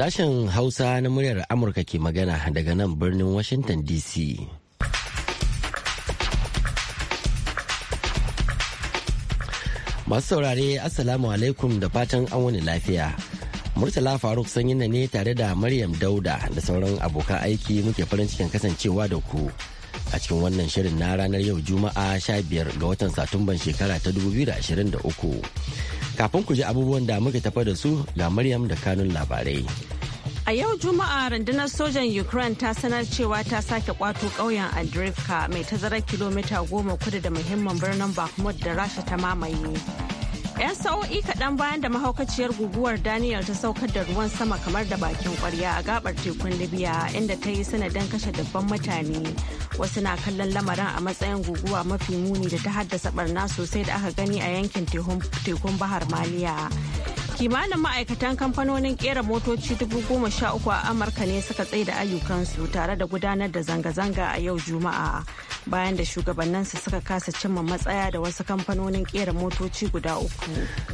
Sashen Hausa na muryar Amurka ke magana daga nan birnin Washington DC. Masu saurare Assalamu alaikum da fatan an wani lafiya. Murtala Faruk sanyina ne tare da Maryam Dauda da sauran abokan aiki muke farin cikin kasancewa da ku. a cikin wannan shirin na ranar yau juma'a 15 ga watan satumban shekara ta 2023 Kafin ku ji abubuwan da muka tafa da su ga Maryam da kanun labarai. A yau Juma'a rundunar sojan Ukraine ta sanar cewa ta sake kwato ƙauyen Andrivka mai tazarar kilomita goma kudu da muhimmin birnin Bakhmut da Rasha ta mamaye. 'Yan sa'o'i kaɗan bayan da mahaukaciyar guguwar Daniel ta saukar da ruwan sama kamar da bakin kwarya a gabar tekun Libya inda ta yi sanadin kashe dabban mutane. Wasu na kallon lamarin a matsayin guguwa mafi muni da ta haddasa barna sosai da aka gani a yankin tekun Bahar Maliya. kimanin ma'aikatan kamfanonin kera motoci dubu goma sha uku a amurka ne suka tsaida ayyukansu tare da gudanar da zanga-zanga a yau juma'a bayan da shugabanninsu suka kasa cimma matsaya da wasu kamfanonin kera motoci guda uku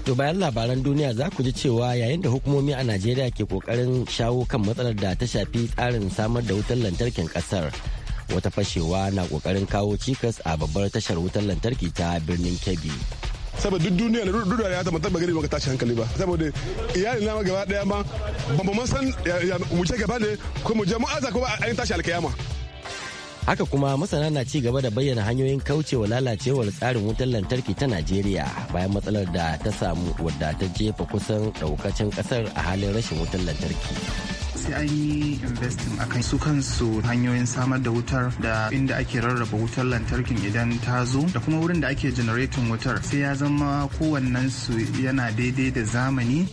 to bayan labaran duniya za ku ji cewa yayin da hukumomi a najeriya ke kokarin shawo kan matsalar da ta shafi tsarin samar da wutar lantarkin kasar wata fashewa na kokarin kawo cikas a babbar tashar wutar lantarki ta birnin kebbi saboda duk duniya da duk duniya ta mutum bagari baka tashi hankali ba saboda iyali na gaba daya ma ba mu san mu ce gaba ne ko mu je mu aza ko ba an tashi alkiyama haka kuma masana na ci gaba da bayyana hanyoyin kaucewa lalacewar tsarin wutar lantarki ta najeriya bayan matsalar da ta samu wadda ta jefa kusan daukacin kasar a halin rashin wutar lantarki sai an yi investing kan su kansu hanyoyin samar da wutar da inda ake rarraba wutar lantarkin idan ta zo da kuma wurin da ake generatin wutar sai ya zama kowannen su yana daidai da zamani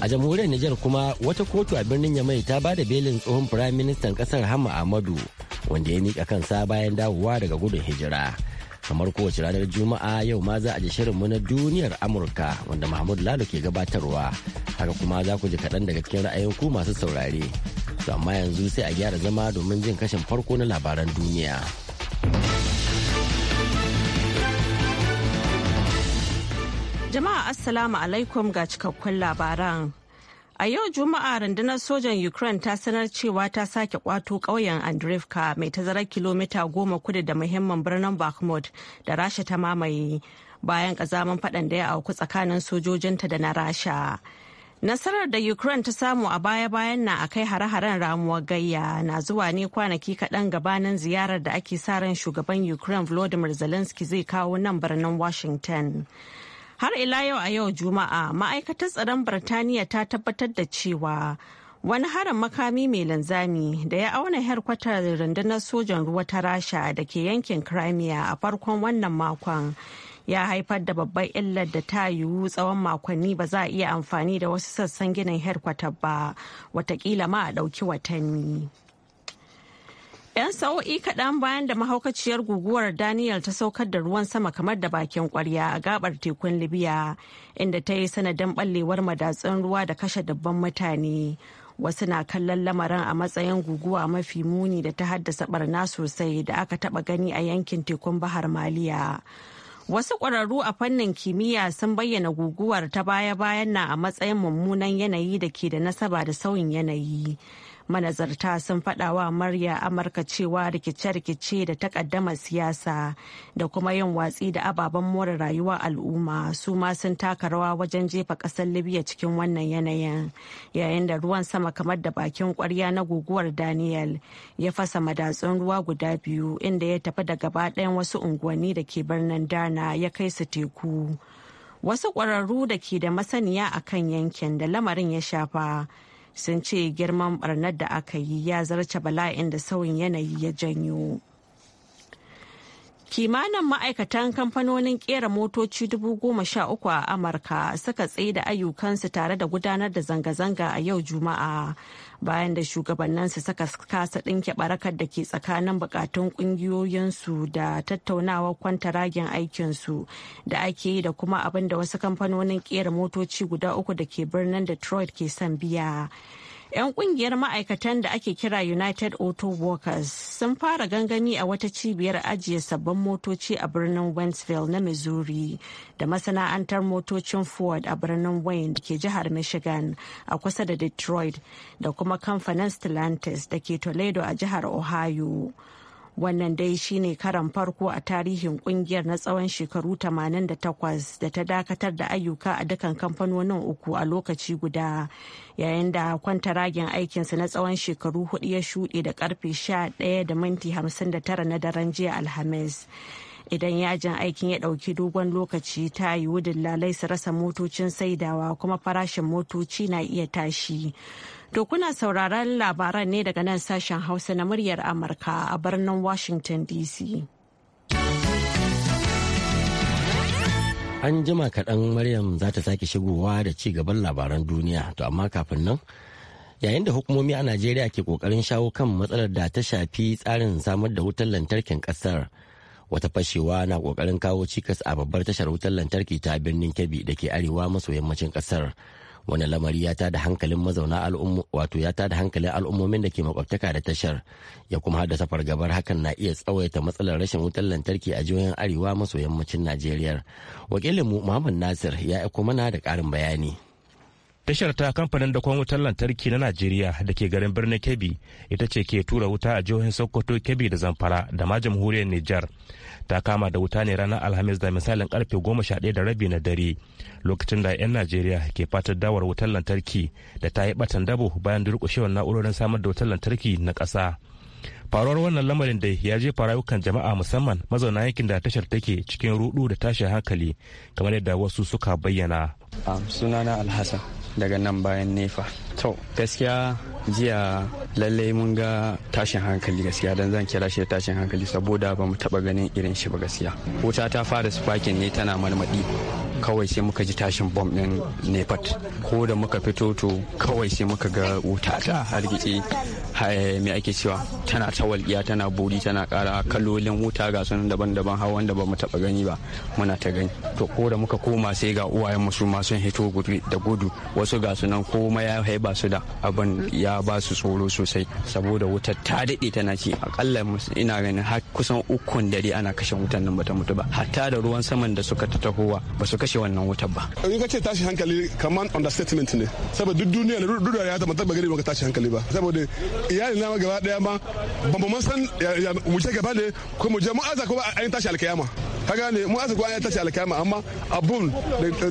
a jamhuriyar Nijar kuma wata kotu a birnin Yamai ta ba da belin tsohon firaministan kasar Hama amadu wanda ya nika kansa bayan dawowa daga gudun hijira. kamar kowace ranar juma'a yau ma za a ji shirinmu na duniyar amurka wanda mahmud lalo ke gabatarwa haka kuma za ku ji kaɗan daga cikin ra'ayin ku masu saurare to amma yanzu sai a gyara zama domin jin kashin farko na labaran duniya jama'a assalamu alaikum ga cikakkun labaran A yau Juma'a rundunar sojan Ukraine ta sanar cewa ta sake kwato ƙauyen Andrivka mai tazarar kilomita goma kudu da muhimman birnin Bakhmut da Rasha ta mamaye bayan ƙazamin faɗan da ya auku tsakanin sojojinta da na Rasha. Nasarar da Ukraine ta samu a baya-bayan na akai hare-haren ramuwar gayya na zuwa ne kwanaki kaɗan gabanin ziyarar da ake sa ran shugaban Ukraine Volodymyr Zelensky zai kawo nan birnin Washington. har ila yau a yau juma'a ma'aikatar tsaron birtaniya ta tabbatar da cewa wani harin makami mai linzami da ya auna herkwatar rundunar sojan ruwa ta rasha da ke yankin crimea a farkon wannan makon ya haifar da babbar illar da ta yiwu tsawon makonni ba za a iya amfani da wasu sassan ginin herkwatar ba watakila ma a ɗauki watanni. 'Yan sa'o'i kaɗan bayan da mahaukaciyar guguwar Daniel ta saukar da ruwan sama kamar da bakin kwarya a gabar tekun Libya, inda ta yi sanadin ɓallewar madatsun ruwa da kashe dabban mutane. Wasu na kallon lamarin a matsayin guguwa mafi muni da ta haddasa barna sosai da aka taɓa gani a yankin tekun Bahar Maliya. Wasu ƙwararru a fannin kimiyya sun bayyana guguwar ta baya-bayan na a matsayin mummunan yanayi da ke da nasaba da sauyin yanayi. manazarta sun faɗawa murya amurka cewa rikice-rikice da takaddamar siyasa da kuma yin watsi da ababen more rayuwa al'umma su ma sun taka rawa wajen jefa ƙasar libya cikin wannan yanayin yayin da ruwan sama kamar da bakin ƙwarya na guguwar daniel ya fasa madatsun ruwa guda biyu inda ya tafi da gaba ɗayan wasu unguwanni da ke birnin dana ya kai su teku wasu ƙwararru da ke da masaniya a kan yankin da lamarin ya shafa sun ce girman barnar da aka yi ya zarce bala'in da sauyin yanayi ya janyo. kimanin ma'aikatan kamfanonin kera motoci uku a amurka suka tsaye da ayyukansu tare da gudanar da zanga-zanga a yau juma'a bayan da shugabannin su saka kasa ɗinke barakar da ke tsakanin bukatun ƙungiyoyinsu da tattaunawar kwanta aikin aikinsu da ake yi da kuma abin da wasu kamfanonin kera motoci guda uku da ke birnin detroit ke son biya 'Yan kungiyar ma'aikatan da ake kira United Auto Workers sun fara gangami a wata cibiyar ajiye sabbin motoci a birnin Wentzville na Missouri da masana'antar motocin Ford a birnin Wayne da ke jihar Michigan a kusa da Detroit da kuma kamfanin Stellantis da ke Toledo a jihar Ohio. wannan dai shine karan farko a tarihin kungiyar na tsawon shekaru 88 da ta dakatar da ayyuka a dukkan kamfanonin uku a lokaci guda yayin da ragin aikinsu na tsawon shekaru hudu ya shuɗe da karfe 11 da minti 59 na daren jiya alhamis idan yajin aikin ya ɗauki dogon lokaci ta yiwu dillalai su rasa motocin saidawa kuma farashin motoci na iya tashi to kuna sauraron labaran ne daga nan sashen hausa na muryar amurka a birnin washington dc an jima kaɗan maryam za ta sake shigowa da ci gaban labaran duniya to amma kafin nan yayin da hukumomi a najeriya ke ƙoƙarin shawo kan matsalar da ta shafi tsarin samar da wutar lantarkin ƙasar. wata fashewa na kokarin kawo cikas a babbar tashar wutar lantarki ta birnin kebbi da ke arewa maso yammacin kasar wani lamari ya tada hankalin mazauna al'ummu wato ya tada hankalin al'ummomin da ke makwabtaka da tashar ya kuma haddasa fargabar hakan na iya tsawaita matsalar rashin wutar lantarki a jihohin arewa maso yammacin najeriya wakilinmu muhammad nasir ya aiko mana da karin bayani tashar ta kamfanin da wutar lantarki na najeriya da ke garin birnin kebbi ita ce ke tura wuta a jihohin sokoto kebbi da zamfara da ma jamhuriyar nijar ta kama da wuta ne ranar alhamis da misalin karfe goma sha ɗaya da rabi na dare lokacin da 'yan najeriya ke fatan dawar wutar lantarki da ta yi batan dabo bayan durƙushewar na'urorin samar da wutar lantarki na ƙasa faruwar wannan lamarin dai ya jefa rayukan jama'a musamman mazauna yankin da tashar take cikin rudu da tashin hankali kamar yadda wasu suka bayyana sunana alhassan daga nan bayan nefa to gaskiya jiya lallai mun ga tashin hankali gaskiya dan zan kira shi tashin hankali saboda ba mu taba ganin irin shi ba gaskiya wuta ta fara spakin ne tana marmadi kawai sai muka ji tashin bom din nepat ko da muka fito to kawai sai muka ga wuta ta hargitse mai ake cewa tana ta walƙiya tana buri tana ƙara kalolin wuta ga sunan daban-daban har wanda ba mu taɓa gani ba muna ta gani to ko da muka koma sai ga uwayen mu su ma sun hito da gudu wasu ga sunan komai ya ba su da abin ya ba su tsoro sosai saboda wutar ta daɗe tana ci akalla ina ganin har kusan ukun dare ana kashe wutar nan bata mutu ba hatta da ruwan saman da suka ta tahowa ba su kashe wannan wutar ba. in ka ce tashi hankali kaman understatement ne saboda duk duniya da dudura ya zama tabba gari ba ka tashi hankali ba saboda iyali na gaba daya ma ban ban san wuce gaba ne ko mu je mu aza ko ba an tashi alkiyama kaga ne mu asa kwana ta ce alkama amma abun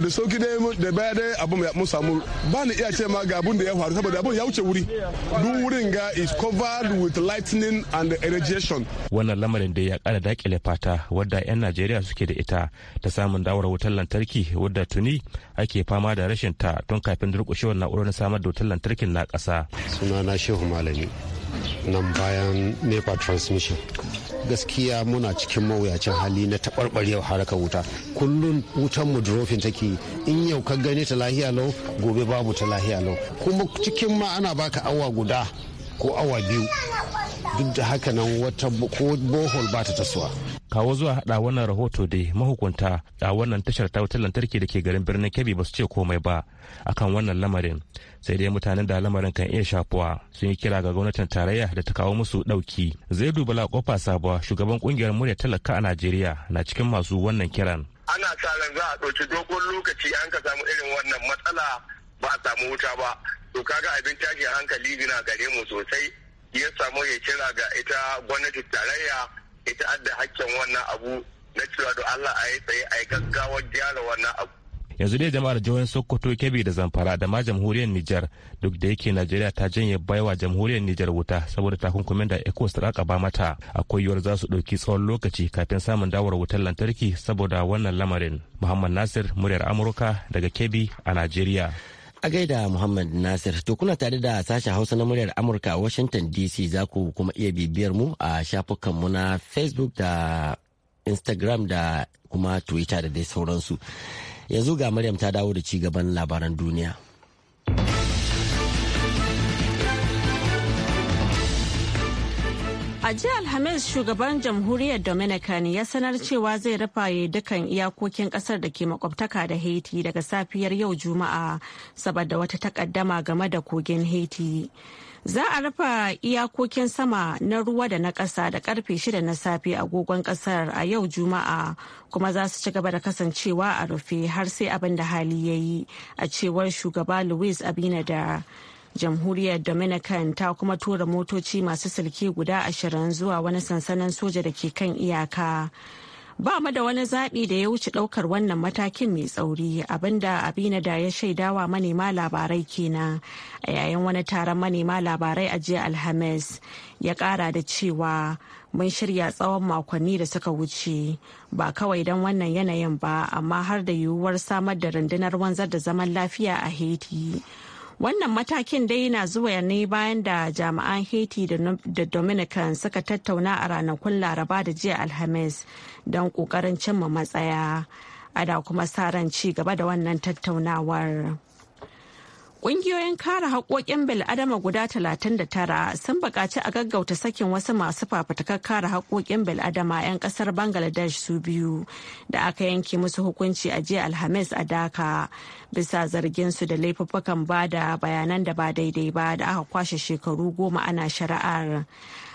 da soki da da baya da abun mun samu ba ni iya ce ma ga abun da ya faru saboda abun ya wuce wuri duk wurin ga is covered with lightning and radiation wannan lamarin da ya kara dakile fata wadda yan Najeriya suke da ita ta samun dawar wutar lantarki wadda tuni ake fama da rashin ta tun kafin durƙushewar na'urar samar da wutar lantarkin na ƙasa na shehu malami nan bayan nepa transmission gaskiya muna cikin mawuyacin hali na taɓarɓarewar harkar wuta kullum wutan mu drofin take in yau ka gani ta lahiya lau gobe babu ta lahiya lau kuma cikin ma ana baka awa guda ko awa biyu duk da haka nan wata ko bohol ba ta tasowa kawo zuwa hada wannan rahoto dai mahukunta a wannan tashar ta wutar lantarki da ke garin birnin kebbi ba su ce komai ba akan wannan lamarin sai dai mutanen da lamarin kan iya shafuwa sun yi kira ga gwamnatin tarayya da ta kawo musu dauki zai dubala kofa sabuwa shugaban kungiyar murya talaka a najeriya na cikin masu wannan kiran ana sa ran za a ɗauki dogon lokaci an ka samu irin wannan matsala ba a samu wuta ba to kaga abin tashin hankali na gare mu sosai ya samu ya kira ga ita gwamnatin tarayya ita adda hakkin wannan abu na cewa da Allah a yi tsaye a yi gaggawar gyara wannan abu. Yanzu dai jama'ar jihohin Sokoto, Kebbi da Zamfara da ma jamhuriyar Nijar duk da yake Najeriya ta janye baiwa jamhuriyar Nijar wuta saboda takunkumin da ECOWAS ta ba mata akwai yiwuwar za su ɗauki tsawon lokaci kafin samun dawar wutar lantarki saboda wannan lamarin. Muhammad Nasir, muryar Amurka daga Kebbi a Najeriya. A gaida Muhammad Nasir, to kuna tare da sashen Hausa na muryar Amurka a Washington DC za ku kuma iya bibiyar mu a shafukan shafukanmu na Facebook da Instagram da kuma Twitter da dai sauransu. Yanzu ga Maryam ta dawo da ci gaban labaran duniya. A jiya Alhamis shugaban jamhuriyar Dominican ya sanar cewa zai rufaye dukkan iyakokin kasar da ke makwabtaka da Haiti daga safiyar yau Juma'a saboda wata takaddama game da kogin Haiti. Za a rufe iyakokin sama na ruwa da na ƙasa da karfe shida na safe agogon ƙasar a yau Juma'a kuma za su ci gaba da kasancewa a rufe har sai abin da hali ya yi a cewar shugaba Luis Abinader. jamhuriyar dominican ta kuma tura motoci masu silki guda ashirin zuwa wani sansanin soja da ke kan iyaka ba mu da wani zaɓi da ya wuce ɗaukar wannan matakin mai tsauri abinda abina da ya shaidawa manema labarai kenan a yayin wani taron manema labarai a jiya alhamis ya ƙara da cewa mun shirya tsawon makonni da suka wuce ba kawai don wannan yanayin ba amma har da yiwuwar samar da rundunar wanzar da zaman lafiya a haiti Wannan matakin dai na zuwa ne bayan da jami'an Haiti da Dominican suka tattauna a ranakun Laraba da jiya Alhamis don ƙoƙarin cimma matsaya. a da kuma sa ran ci gaba da wannan tattaunawar. Ƙungiyoyin kare haƙoƙin adama guda 39 sun buƙaci a gaggauta sakin wasu masu fafutukar kare haƙoƙin bil'adama 'yan ƙasar Bangladesh su biyu da aka yanke musu hukunci a jiya Alhamis a Dhaka bisa zargin su da laifuffukan da bayanan da ba daidai ba da aka kwashe shekaru goma ana shari'ar.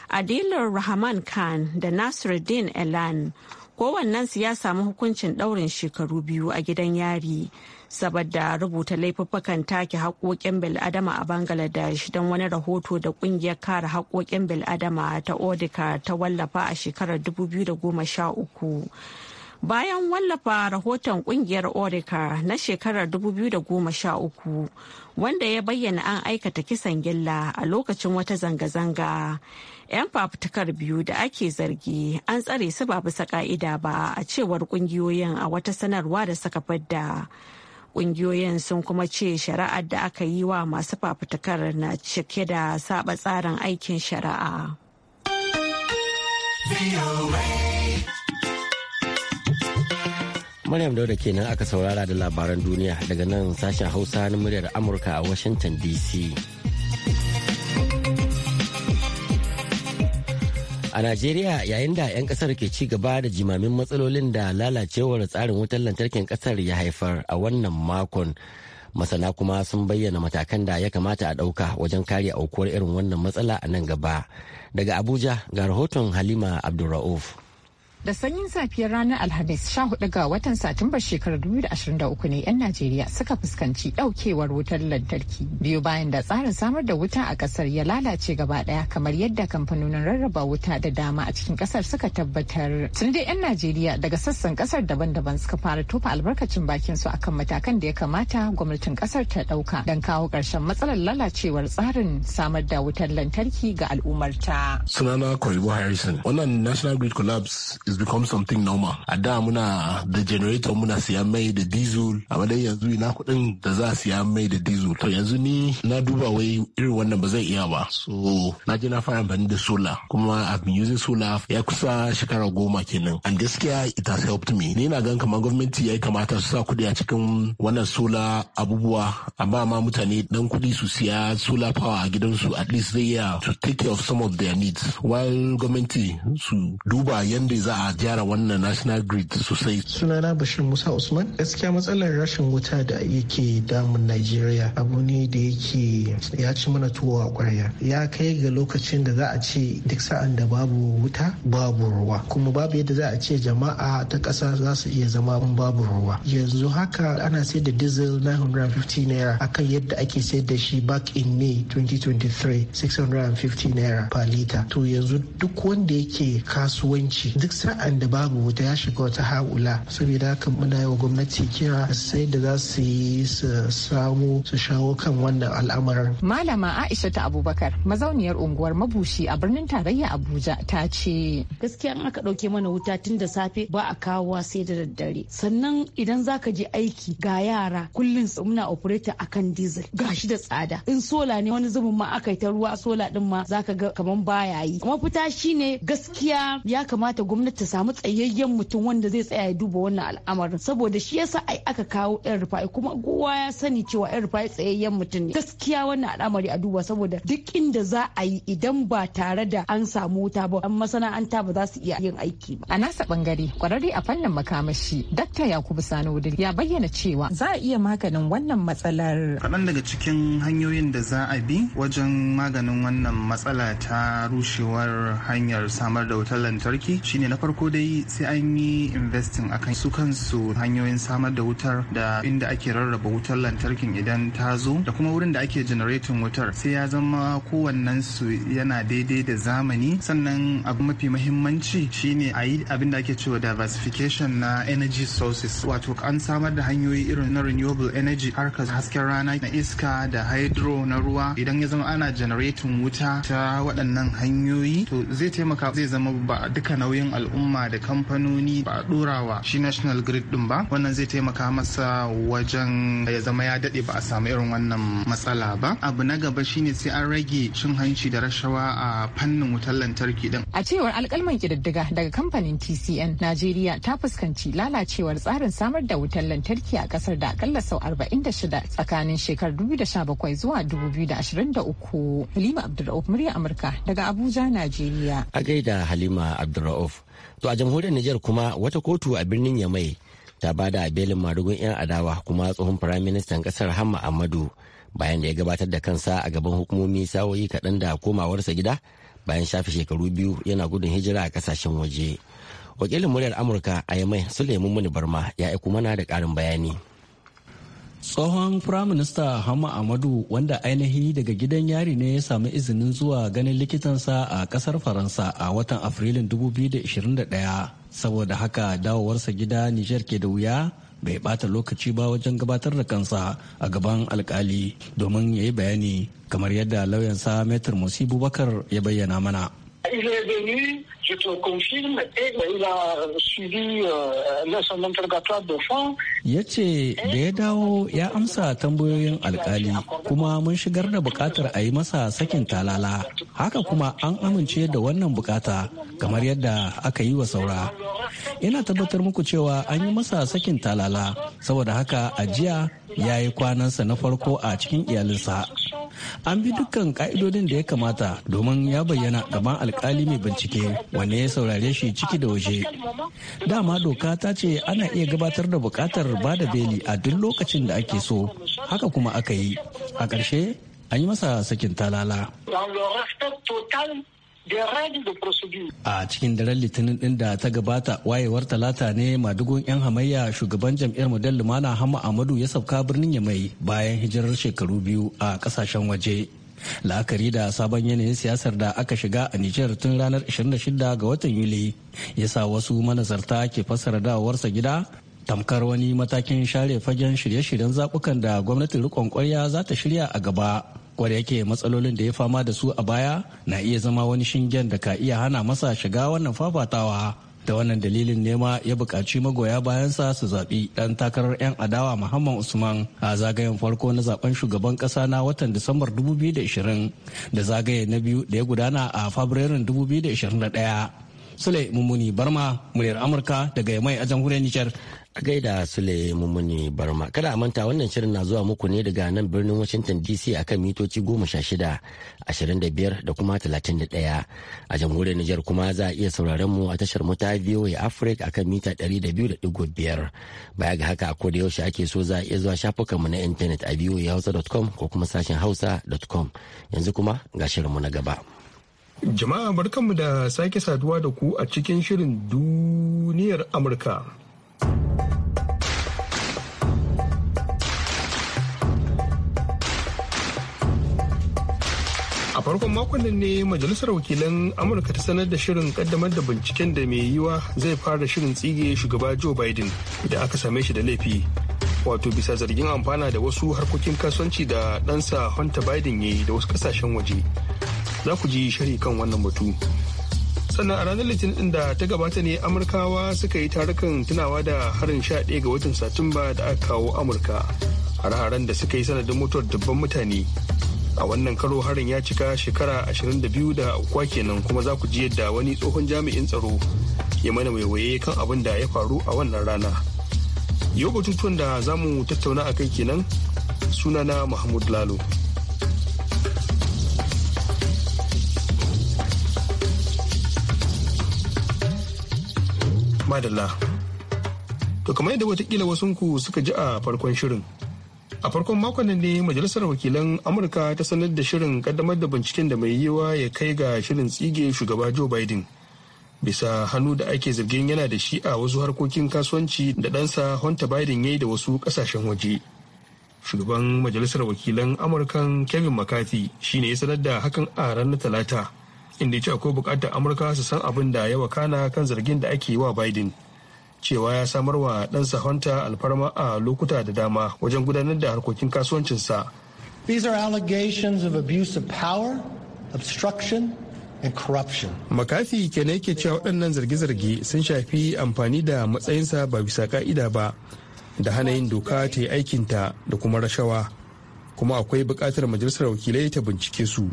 Adilur Rahman Khan da Nasiruddin Elan kowannensu ya samu hukuncin ɗaurin shekaru biyu a gidan yari. saboda rubuta laifuffukan take haƙoƙin adama a bangladesh don wani rahoto da ƙungiyar kare haƙoƙin adama ta odika ta wallafa a shekarar 2013 bayan wallafa rahoton kungiyar orica na shekarar 2013 wanda ya bayyana an aikata kisan gilla a lokacin wata zanga-zanga 'yan fafutukar biyu da ake zargi an tsare su ba bisa ka'ida ba a cewar kungiyoyin a wata sanarwa da suka fadda. Ƙungiyoyin sun kuma ce shari'ar da aka yi wa masu fafutukar na cike da saba tsarin aikin shari'a. Maryam Dauda kenan aka saurara da labaran duniya daga nan sashen Hausa na muryar Amurka a Washington DC. A Najeriya yayin da 'yan kasar ke ci gaba da jimamin matsalolin da lalacewar tsarin wutar lantarkin kasar ya haifar a wannan makon. Masana kuma sun bayyana matakan da ya kamata a ɗauka wajen kare aukuwar irin wannan matsala a nan gaba. Daga Abuja ga rahoton Halima Abdulra'uf. Da sanyin safiyar ranar Alhamis sha hudu ga watan Satumbar shekarar 2023 ne 'yan Najeriya suka fuskanci daukewar wutar lantarki biyu bayan da tsarin samar da wuta a kasar ya lalace gaba daya kamar yadda kamfanonin rarraba wuta da dama a cikin kasar suka tabbatar. Tun dai 'yan Najeriya daga sassan kasar daban-daban suka fara tofa albarkacin bakin su akan matakan da ya kamata gwamnatin kasar ta dauka don kawo ƙarshen matsalar lalacewar tsarin samar da wutar lantarki ga al'ummarta. Sunana Koyibu Harrison, wannan National Grid Collapse it's become something normal a da muna da generator muna siya mai da diesel amma dai yanzu ina kuɗin da za a siya mai da diesel to yanzu ni na duba wai irin wannan ba zai iya ba so na je na fara amfani da solar kuma I've been using solar ya kusa shekara goma kenan and gaskiya it has helped me ni na gan kamar gwamnati ya kamata su sa kuɗi a cikin wannan solar abubuwa amma ma mutane dan kudi su siya solar power a gidansu at least zai iya to take care of some of their needs while gwamnati su duba yanda za a a gyara wannan national grid sosai sunana bashir musa usman gaskiya matsalar rashin wuta da yake damun najeriya abu ne da yake ya ci mana tuwo a kwarya ya kai ga lokacin da za a ce duk sa'an da babu wuta babu ruwa kuma babu yadda za a ce jama'a ta kasa za su iya zama babu ruwa yanzu haka ana sayar da diesel 950 naira akan yadda ake sayar da shi back in may 2023 650 naira per liter to yanzu duk wanda yake kasuwanci duk sa sa'an da babu wuta ya shiga wata haula saboda haka muna yi wa gwamnati kira sai da za su yi su samu su shawo kan wannan al'amarin. Malama Aisha ta Abubakar mazauniyar unguwar mabushi a birnin tarayya Abuja ta ce. Gaskiya in aka ɗauke mana wuta tun da safe ba a kawo sai da daddare. Sannan idan za ka je aiki ga yara kullum muna operator akan diesel gashi da tsada. In sola ne wani zubin ma aka yi ta ruwa sola din ma za ga kamar baya yi. Mafita shine gaskiya ya kamata gwamnati ta samu tsayayyen mutum wanda zai tsaya ya duba wannan al'amarin saboda shi yasa ai aka kawo yan rufa'i kuma kowa ya sani cewa yan rufa'i tsayayyen mutum ne gaskiya wannan al'amari a duba saboda duk inda za a yi idan ba tare da an samu wuta ba an masana'anta ba za su iya yin aiki ba a nasa bangare kwararre a fannin makamashi dakta yakubu sani wudil ya bayyana cewa za a iya maganin wannan matsalar kaɗan daga cikin hanyoyin da za a bi wajen maganin wannan matsala ta rushewar hanyar samar da wutar lantarki shine na farko dai sai an yi investing akan su kansu hanyoyin samar da wutar da inda ake rarraba wutar lantarkin idan ta zo da kuma wurin da ake generating wutar sai ya zama kowannen su yana daidai da zamani sannan abu mafi mahimmanci shine a yi abin da ake cewa diversification na energy sources wato an samar da hanyoyi irin na renewable energy harkar hasken rana na iska da hydro na ruwa idan ya zama ana generating wuta ta waɗannan hanyoyi to zai taimaka zai zama ba duka nauyin al'umma al'umma da kamfanoni ba a wa shi national grid din ba wannan zai taimaka masa wajen ya zama ya dade ba a samu irin wannan matsala ba abu na gaba shine sai an rage cin hanci da rashawa a fannin wutar lantarki din a cewar alkalman kididdiga daga kamfanin tcn najeriya ta fuskanci lalacewar tsarin samar da wutar lantarki a kasar da akalla sau 46 tsakanin shekarar 2017 zuwa 2023 halima abdulrauf murya amurka daga abuja najeriya a gaida halima abdulrauf to a jamhuriyar nijar kuma wata kotu a birnin yamai ta ba da belin marugun 'yan adawa kuma tsohon firaministan kasar hamma Ahmadu bayan da ya gabatar da kansa a gaban hukumomi sawoyi kaɗan da komawarsa gida bayan shafe shekaru biyu yana gudun hijira a kasashen waje wakilin muryar amurka a yamai suleiman muni barma ya aiko mana da ƙarin bayani tsohon firaminista hama amadu wanda ainihi daga gidan yari ne ya sami izinin zuwa ganin likitansa a kasar faransa a watan afrilun 2021 saboda haka dawowarsa gida nijar ke da wuya bai bata lokaci ba wajen gabatar da kansa a gaban alkali domin ya yi bayani kamar yadda lauyansa metr musibu bakar ya bayyana mana Il est venu, je te confirme, et il a suivi euh, son interrogatoire de fond. Ya ce da ya dawo ya amsa tambayoyin alkali kuma mun shigar da bukatar a yi masa sakin talala. Haka kuma an amince da wannan bukata kamar yadda aka yi wa saura. Ina tabbatar muku cewa an yi masa sakin talala saboda haka ajiya ya yi kwanansa na farko a cikin iyalinsa. an bi dukkan ka'idodin da ya kamata domin ya bayyana gaban alkali mai bincike wanne ya saurare shi ciki da waje dama doka ta ce ana iya gabatar da bukatar bada beli a duk lokacin da ake so haka kuma aka yi a ƙarshe an yi masa sakin talala A cikin daren litinin din da ta gabata wayewar talata ne madugun 'yan hamayya shugaban jam'iyyar model lumana hama Amadu ya sauka birnin ya mai bayan hijirar shekaru biyu a kasashen waje. La'akari da sabon yanayin siyasar da aka shiga a Nijar tun ranar 26 ga watan Yuli ya sa wasu manazarta ke fassara dawowarsa gida tamkar wani matakin share fagen shirye-shiryen zaɓukan da gwamnatin rikon ƙwarya za ta shirya a gaba. kwar yake matsalolin da ya fama da su a baya na iya zama wani shingen da ka iya hana masa shiga wannan fafatawa da wannan dalilin nema ya buƙaci magoya bayansa su zaɓi ɗan takarar 'yan adawa muhammad usman a zagayen farko na zaben shugaban ƙasa na watan disambar 2020 da zagaye na biyu da ya gudana a fabrairun 2021 Sule Mummuni Barma muryar Amurka daga Yamai a jamhuriyar Nijar. A gaida Sule Mummuni Barma. Kada a manta wannan shirin na zuwa muku ne daga nan birnin Washington DC akan mitoci goma sha shida, ashirin da biyar da kuma talatin da ɗaya. A jamhuriyar Nijar kuma za a iya sauraron mu a tashar mu ta VOA Africa akan mita ɗari da biyu da ɗigo biyar. Baya ga haka ko da yaushe ake so za a iya zuwa shafukanmu na intanet a voahausa.com ko kuma sashen hausa.com. Yanzu kuma ga shirin mu na gaba. Jama'a barkanmu da sake saduwa da ku a cikin shirin duniyar Amurka. A farkon makon nan ne Majalisar Wakilan Amurka ta sanar da shirin kaddamar da binciken da mai yiwa zai fara shirin tsige shugaba Joe Biden da aka same shi da laifi. Wato bisa zargin amfana da wasu harkokin kasuwanci da ɗansa Hunter Biden ya yi da wasu ƙasashen waje. za ku ji shari kan wannan batu sannan a ranar litinin din da ta gabata ne amurkawa suka yi tarukan tunawa da harin 11 ga watan satumba da aka kawo amurka har-haren da suka yi sanadin mutuwar dubban mutane a wannan karo harin ya cika shekara ashirin da biyu da ukuwa kenan kuma za ku ji yadda wani tsohon jami'in tsaro ya mana waiwaye kan abin da ya faru a wannan rana yau batutuwan da za mu tattauna a kai kenan sunana mahmud lalo madalla to kamar yadda watakila wasunku suka ji a farkon shirin a farkon makon nan ne majalisar wakilan amurka ta sanar da shirin kaddamar da binciken da mai yiwa ya kai ga shirin tsige shugaba joe biden bisa hannu da ake zargin yana da shi a wasu harkokin kasuwanci da ɗansa hunter biden ya yi da wasu ƙasashen waje shugaban majalisar wakilan amurkan kevin mccarthy shine ya sanar da hakan a ranar talata inda ya ce akwai bukatar amurka su san abin da ya wakana kan zargin da ake yi wa biden cewa ya samar wa ɗansa hunter alfarma a lokuta da dama wajen gudanar da harkokin kasuwancinsa These are allegations power, obstruction, and Makafi kenan yake cewa waɗannan zarge-zarge sun shafi amfani da matsayinsa ba bisa ka'ida ba da hanayin doka ta yi aikinta da kuma rashawa. Kuma akwai buƙatar majalisar wakilai ta bincike su.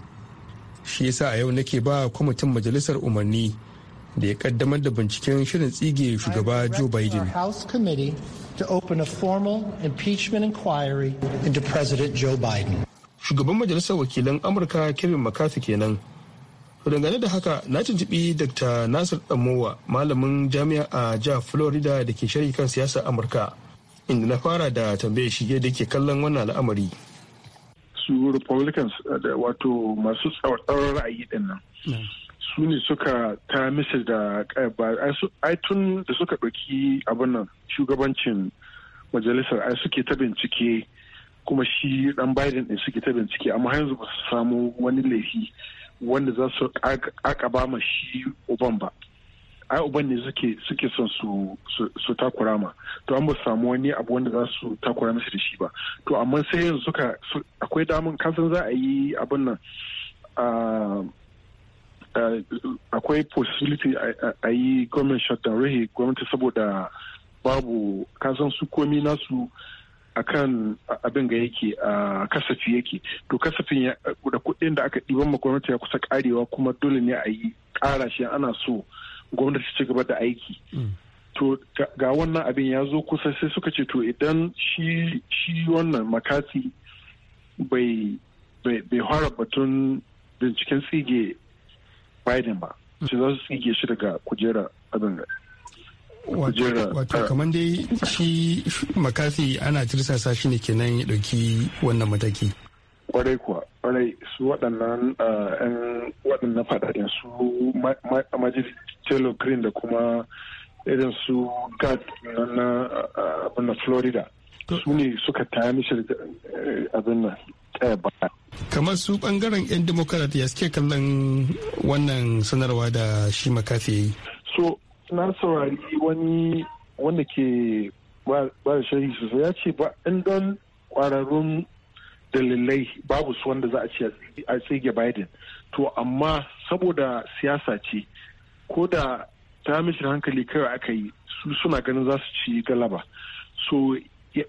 shi yasa a yau nake ba kwamitin majalisar umarni da ya kaddamar da binciken shirin tsige shugaba joe biden shugaban majalisar wakilan amurka kevin mccarthy kenan dangane da haka na tuntubi dr nasir damowa malamin jami'a a jihar florida da ke shari'a kan siyasar amurka inda na fara da tambaye shige da ke kallon wannan al'amari su republicans eh, wato masu tsawatsar ra'ayi din nan mm. su ne suka ta misa da eh, ai tun da suka ɗauki abin nan shugabancin majalisar ai suke ta bincike kuma shi dan biden ɗin suke ta bincike amma yanzu ba su samu wani laifi wanda za su ba ma shi uban ba ai uban ne suke suke son su su takura ma to an ba samu wani abu wanda za su takura masa da shi ba to amma sai yanzu suka akwai damun kasan za a yi abin nan akwai possibility a yi government shutdown rahe gwamnati saboda babu kasan su komi nasu akan abin ga yake a kasafi yake to kasafin da kudin da aka ɗiban gwamnati ya kusa karewa kuma dole ne a yi ƙara shi ana so gwamnati ci gaba da aiki mm. to ga wannan abin ya zo kusa sai suka ce to idan shi wannan makati bai bai fara batun binciken tsige biden ba ce za su tsige shi daga kujera abin wato kamar dai shi makasi ana tirsasa shi ne kenan ya dauki wannan mataki kwarai kuwa kwarai su waɗannan yan ah, waɗannan fadaden su magic taylor green da kuma irin su gad na ah, florida su ne suka taya mishi eh, abin nan kamar su ɓangaren 'yan democrat ya suke kallon wannan sanarwa da shi makafi yi so na saurari wani wanda ke ba da shari'a sosai ya ce ba in don kwararrun dalilai babu su wanda za a tsige Biden. To amma saboda siyasa ce ko da ta mishin hankali kawai aka yi su suna ganin za su ci galaba. So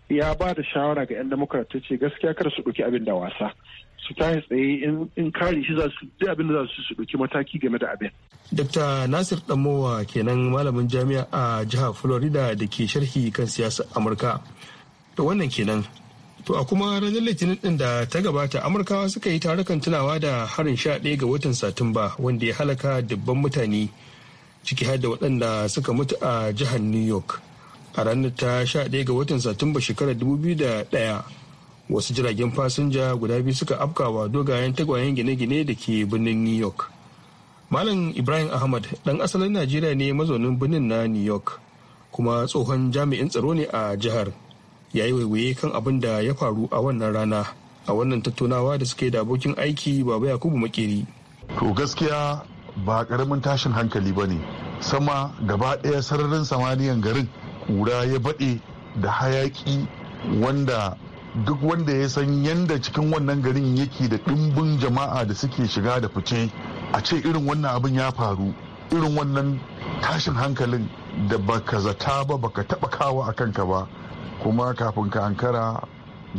ya ba da shawara ga 'yan Democrat ta ce gaskiya kada su ɗauki abin da wasa. su tashi tsaye in kare shi za su duk abin da za su su ɗauki mataki game da abin. Dr. Nasir Damowa kenan malamin jami'a a jihar Florida da ke sharhi kan siyasar Amurka. Da wannan kenan To a kuma ranar Litinin din da ta gabata Amurkawa suka yi tarukan tunawa da harin sha ɗaya ga watan Satumba wanda ya halaka dubban mutane ciki har da waɗanda suka mutu a jihar New York. A ranar ta sha ɗaya ga watan Satumba shekarar 2001 wasu jiragen fasinja guda biyu suka afkawa dogayen tagwayen gine-gine da ke birnin New York. Malam Ibrahim Ahmad ɗan asalin Najeriya ne mazaunin birnin na New York kuma tsohon jami'in tsaro ne a jihar. ya yi waiwaye kan abin da ya faru a wannan rana a wannan tattaunawa da suke da abokin aiki baba yakubu makeri to gaskiya ba karamin tashin hankali ba ne sama gaba ɗaya sararin samaniyan garin kura ya baɗe da hayaki wanda duk wanda ya san yadda cikin wannan garin yake da ɗimbin jama'a da suke shiga da fice a ce irin wannan abin ya faru irin wannan tashin hankalin da baka zata ba baka taɓa kawo a kanka ba kuma kafin ka ankara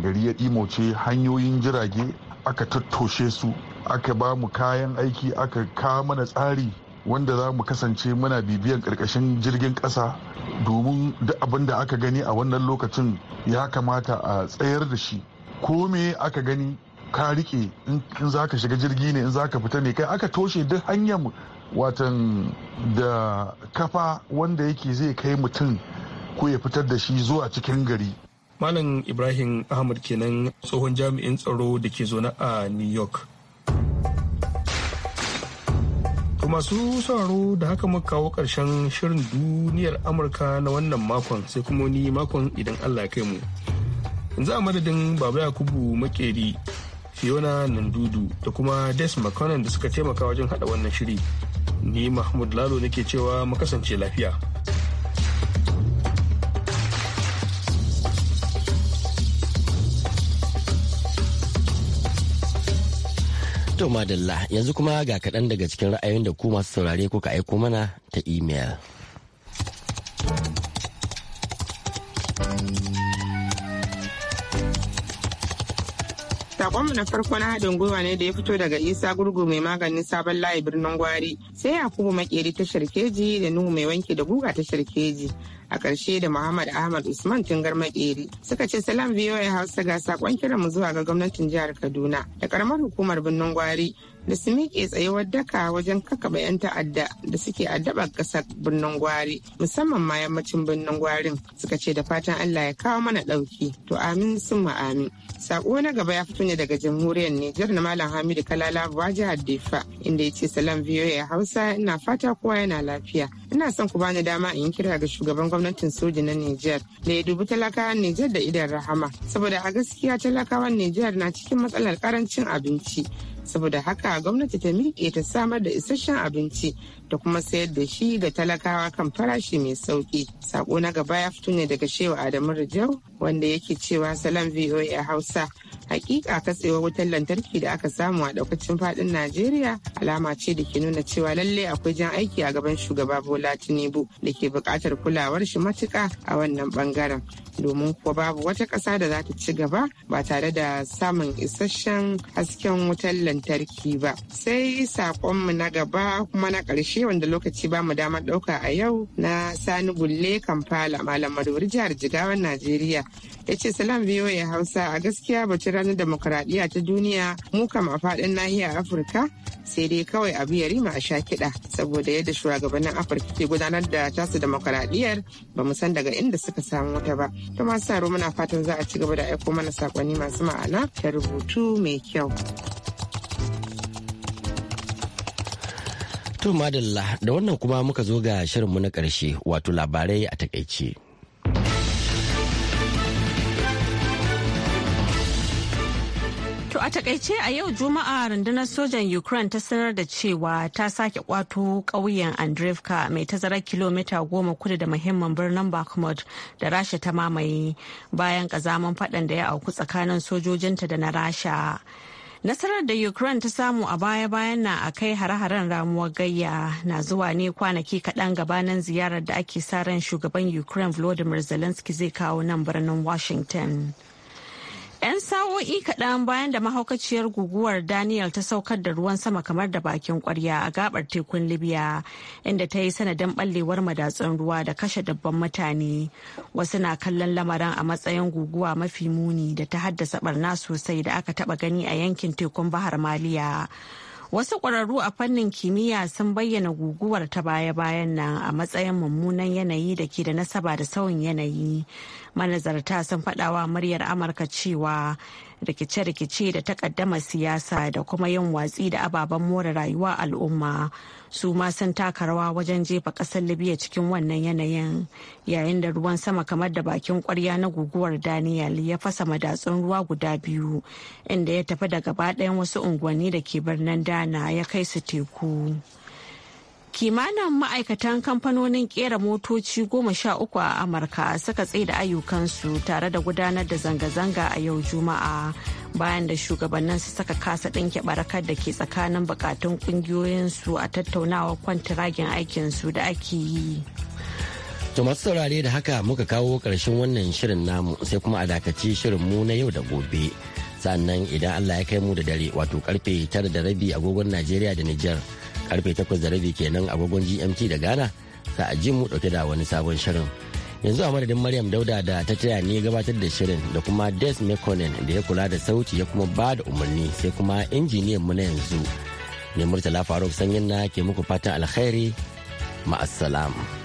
gari ya ɗimoce hanyoyin jirage aka tattoshe su aka ba mu kayan aiki aka kawo mana tsari wanda za mu kasance muna bibiyan ƙarƙashin jirgin ƙasa domin duk abin da aka gani a wannan lokacin ya kamata a tsayar da shi ko me aka gani ka rike in za ka shiga jirgi ne in za ka fita ne kai aka toshe duk hanyar watan da kafa wanda yake zai kai mutum ko ya fitar da shi zuwa cikin gari malam ibrahim ahmad kenan tsohon jami'in tsaro da ke zaune a new york to masu sauraro da haka muka kawo karshen shirin duniyar amurka na wannan makon sai kuma ni makon idan allah kai mu yanzu a madadin baba yakubu makeri fiona nandudu da kuma des mcconnell da suka taimaka wajen hada wannan shiri ni mahmud lalo nake cewa mu kasance lafiya To madalla yanzu kuma ga kaɗan daga cikin ra'ayoyin da ku masu saurare kuka aiko mana ta imel. Sakonmu na farko na haɗin gwiwa ne da ya fito daga Isa Gurgu mai maganin sabon layi birnin Gwari sai Yakubu Makeri ta Sharkeji da Nuhu mai wanki da guga ta Sharkeji. a ƙarshe da Muhammad Ahmad Usman Tungar Makeri suka ce salam VOA Hausa ga sakon mu zuwa ga gwamnatin jihar Kaduna da karamar hukumar birnin Gwari da su miƙe tsayuwar daka wajen kakaba 'yan ta'adda da suke addaba ƙasar birnin gwari musamman ma yammacin birnin gwarin suka ce da fatan allah ya kawo mana ɗauki to amin sun amin Sako na gaba ya fito ne daga jamhuriyar Nijar na Malam Hamidu Kalala Buwa jihar Defa inda ya ce salam ya Hausa ina fata kowa yana lafiya. Ina son ku bani dama in kira ga shugaban gwamnatin soji na Nijar da ya dubi talakawan Nijar da idan rahama saboda a gaskiya talakawan Nijar na cikin matsalar karancin abinci saboda haka gwamnati ta miƙe ta samar da isasshen abinci da kuma sayar da shi ga talakawa kan farashi mai sauki sako na gaba ya fito ne daga shewa adamu rajau wanda yake cewa salam voa a hausa hakika katsewa wutar lantarki da aka samu a daukacin fadin najeriya alama ce da ke nuna cewa lallai akwai jan aiki a gaban shugaba bola tinubu da ke buƙatar kulawar shi matuka a wannan bangaren domin kuwa babu wata ƙasa da za ta ci gaba ba tare da samun isasshen hasken wutar lantarki ba. Sai sakonmu na gaba kuma na ƙarshe wanda lokaci ba mu damar ɗauka a yau na Sani Bulle Kampala Malam Maduri Jihar Jigawan Najeriya. ya ce salam ya hausa a gaskiya bacin ranar demokuraɗiyya ta duniya mu kam a faɗin nahiyar afirka sai dai kawai abu ya rima a sha kiɗa saboda yadda shugabannin afirka ke gudanar da tasu demokuraɗiyyar ba mu san daga inda suka samu wata ba ta masu muna fatan za a ci gaba da aiko mana sakonni masu ma'ana ta rubutu mai kyau. To madalla da wannan kuma muka zo ga shirinmu na ƙarshe wato labarai a takaice. To a takaice a yau Juma'a rundunar sojan Ukraine ta sanar da cewa ta sake kwato ƙauyen Andrevka mai tazarar kilomita goma kudu da muhimman birnin Bakhmut da Rasha ta mamaye bayan ƙazaman faɗan da ya auku tsakanin sojojinta da na Rasha. Nasarar da Ukraine ta samu a baya-bayan na a kai hare-haren ramuwar gayya na zuwa ne kwanaki kaɗan gabanin ziyarar da ake sa ran shugaban Ukraine Volodymyr Zelensky zai kawo nan birnin Washington. 'Yan sa'o'i kaɗan bayan da mahaukaciyar guguwar Daniel ta saukar da ruwan sama kamar da bakin kwarya a gabar tekun Libya, inda ta yi sanadin ɓallewar madatsun ruwa da kashe dabban mutane. Wasu na kallon lamarin a matsayin guguwa mafi muni da ta haddasa barna sosai da aka taɓa gani a yankin tekun Bahar Maliya. Wasu ƙwararru a fannin kimiyya sun bayyana guguwar ta baya-bayan nan a matsayin mummunan yanayi da ke da nasaba da sauyin yanayi. Manazarta sun faɗawa muryar Amurka cewa rikice-rikice da takaddama siyasa da kuma yin watsi da ababen more rayuwa al'umma su ma sun taka rawa wajen jefa ƙasar libya cikin wannan yanayin yayin da ruwan sama kamar da bakin kwarya na guguwar daniel ya fasa madatsun ruwa guda biyu inda ya tafi da gaba ɗayan wasu unguwanni da ke birnin dana ya kai su teku. kimanin ma'aikatan kamfanonin kera motoci goma sha uku a amurka suka tsaida ayyukansu tare da gudanar da zanga-zanga a yau juma'a bayan da shugabannin su saka kasa ɗinke barakar da ke tsakanin bukatun ƙungiyoyinsu a tattaunawar kwantiragin aikinsu da ake yi To masu saurare da haka muka kawo ƙarshen wannan shirin namu sai kuma a dakaci shirin mu na yau da gobe. Sannan idan Allah ya kai mu da dare wato karfe tara da rabi agogon Najeriya da Nijar karfe takwas da rabi kenan agogon gmt da ghana za a ji mu dauke da wani sabon shirin yanzu a madadin maryam dauda da ta taya ne gabatar da shirin da kuma des mekonen da ya kula da sauti ya kuma ba da umarni sai kuma injiniyan mu na yanzu ne murtala faruk sanyin na ke muku fatan alkhairi ma'assalam.